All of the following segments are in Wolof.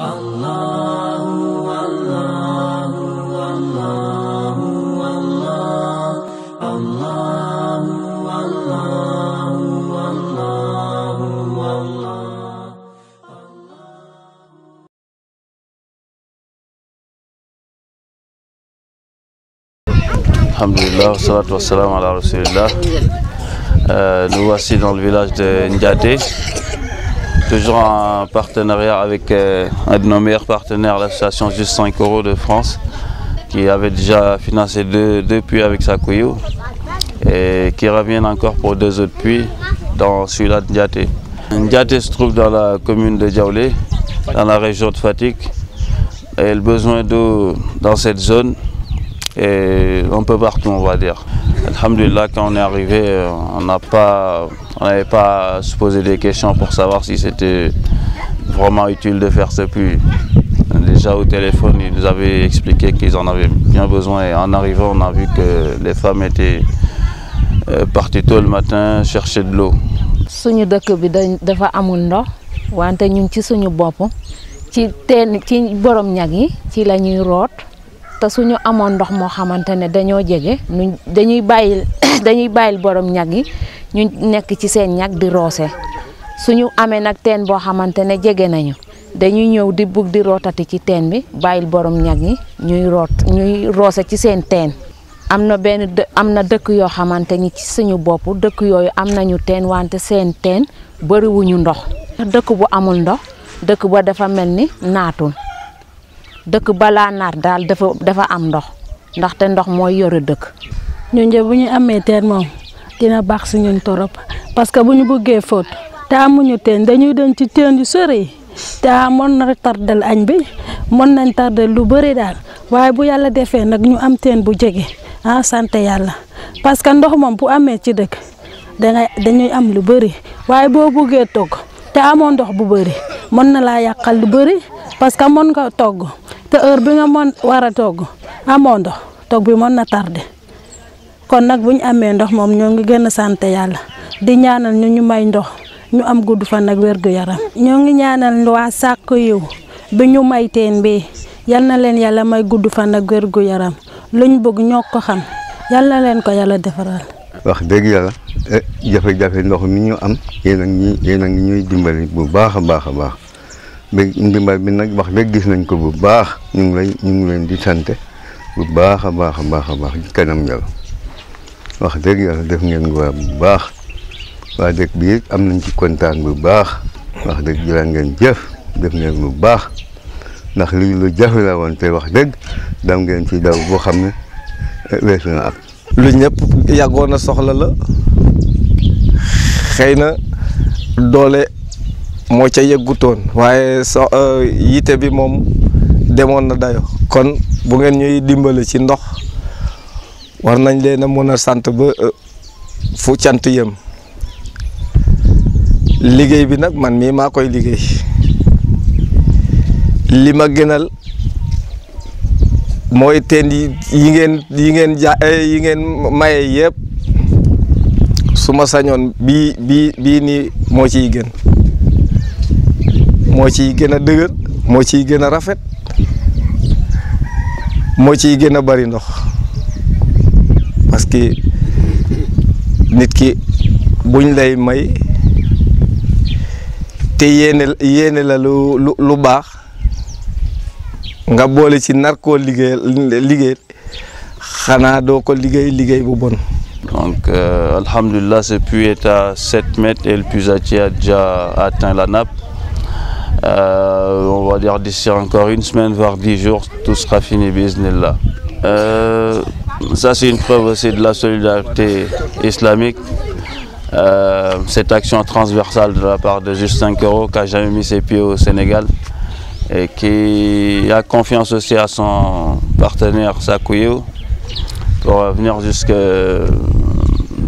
Allahu Allahu Allahu Allah Alhamdulillah, salatu wassalamu ala rasulillah. Euh, nous voici dans le village de Ndiate. toujours en partenariat avec euh, un de nos meilleurs partenaires, l'association Juste 5 euros de France, qui avait déjà financé deux, puits avec sa couillou et qui reviennent encore pour deux autres puits, dans celui-là de se trouve dans la commune de Diaoulé, dans la région de Fatik. Et le besoin d'eau dans cette zone et un peu partout, on va dire. Alhamdulillah, quand on est arrivé, euh, on n'a pas on n'avait pas à se poser des questions pour savoir si c'était vraiment utile de faire ce puits. Déjà au téléphone, ils nous avaient expliqué qu'ils en avaient bien besoin. Et en arrivant, on a vu que les femmes étaient euh, parties tôt le matin chercher de l'eau. suñu dëkk bi dafa amul ndox wante ñun ci suñu bopp ci teen ci borom ñag yi ci lañuy ñuy root te suñu amoon ndox moo xamante ne dañoo jege nuñ dañuy bàyyil dañuy bàyyil borom ñag yi ñu nekk ci seen ñag di roose suñu amee nag teen boo xamante ne jege nañu dañuy ñëw di bugg di rootati ci teen bi bàyyil boroom ñag ñi ñuy root ñuy roose ci seen teen am na benn am na dëkk yoo xamante ni ci suñu bopp dëkk yooyu am nañu teen wante seen teen bariwuñu ndox dëkk bu amul ndox dëkk ba dafa mel ni naatul dëkk balaa naat daal dafa am ndox ndaxte ndox mooy yore dëkk ñun de bu ñu amee teen moom dina bax si ñun torop parce que bu bëggé bëggee ta amuñu teen dañuy dañ ci téñ yu sori ta mon na tardal añ bi mon nañ tardal lu bëré daal waye bu yalla défé nak ñu am téñ bu jégé ah santé yalla parce que ndox mom bu amé ci dëkk nga dañuy am lu bëré waye bo tog tok ta amo ndox bu bëré mon na la yaqal lu bëré parce que mon nga togg te heure bi nga mon wara togg ndox tok bi mon na tardé kon nag bu ñu amee ndox moom ñoo ngi gën a sant yàlla di ñaanal ñu ñu may ndox ñu am gudd fan ak wérgu yaram ñoo ngi ñaanal waa Sakku Yiw bi ñu may teen bi yal na leen yàlla may gudd fan ak wérgu yaram luñ bëgg ñoo ko xam yal leen ko yàlla defaral. wax dëgg yàlla eh, jafe-jafe ndox mi ñu am yéen a ngi yéen ñuy dimbali bu baax a baax a baax mais ndimbal bi nag wax dëgg gis nañ ko bu baax ñu ngi lay ñu ngi leen di sant bu baax a baax a baax a baax ci kanam yàlla. wax dëgg yàlla def ngeen waa bu baax waa dëkk bi am nañ ci kontaan bu baax wax dëgg jëlaat ngeen jëf def ngeen bu baax ndax lii lu jafe la woon te wax dëgg dam ngeen ci daw boo xam ne eh, weesu na ak lu ñëpp yàggoon a soxla la xëy na doole moo ca yëggutoon waaye so euh, yite bi moom demoon na dayo kon bu ngeen ñuy dimbale ci ndox war nañ leen a mën a sant ba euh, fu cant yëm liggéey bi nag man mii maa koy liggéey li ma gënal mooy teen yi ngeen yi ngeen ja eh, yi ngeen maye yëpp suma sañoon bii bi bii nii moo ciy gën moo ciy gën a dëgër moo ciy gën a rafet moo ciy gën a bari ndox ki nit ki buñ lay may té yéné yéné la lu lu bax nga bolé ci nar koo liggéey liggéey xanaa doo ko liggéey liggéey bu bon. Donc, euh, Alhamdulillah, ce puits est à 7 mètres et le puisatier a déjà atteint la nappe. Euh, on va dire d'ici encore une semaine, voire 10 jours, tout sera fini, bismillah. Euh, ça, c'est une preuve aussi de la solidarité islamique. Euh, cette action transversale de la part de Juste 5 euros qui n'a jamais mis ses pieds au Sénégal et qui a confiance aussi à son partenaire Sakouyou pour venir jusque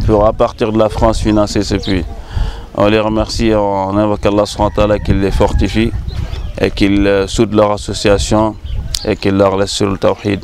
pour à partir de la France financer ses puits. On les remercie on invoque Allah qu'il les fortifie et qu'il euh, soude leur association et qu'il leur laisse sur le tawhid.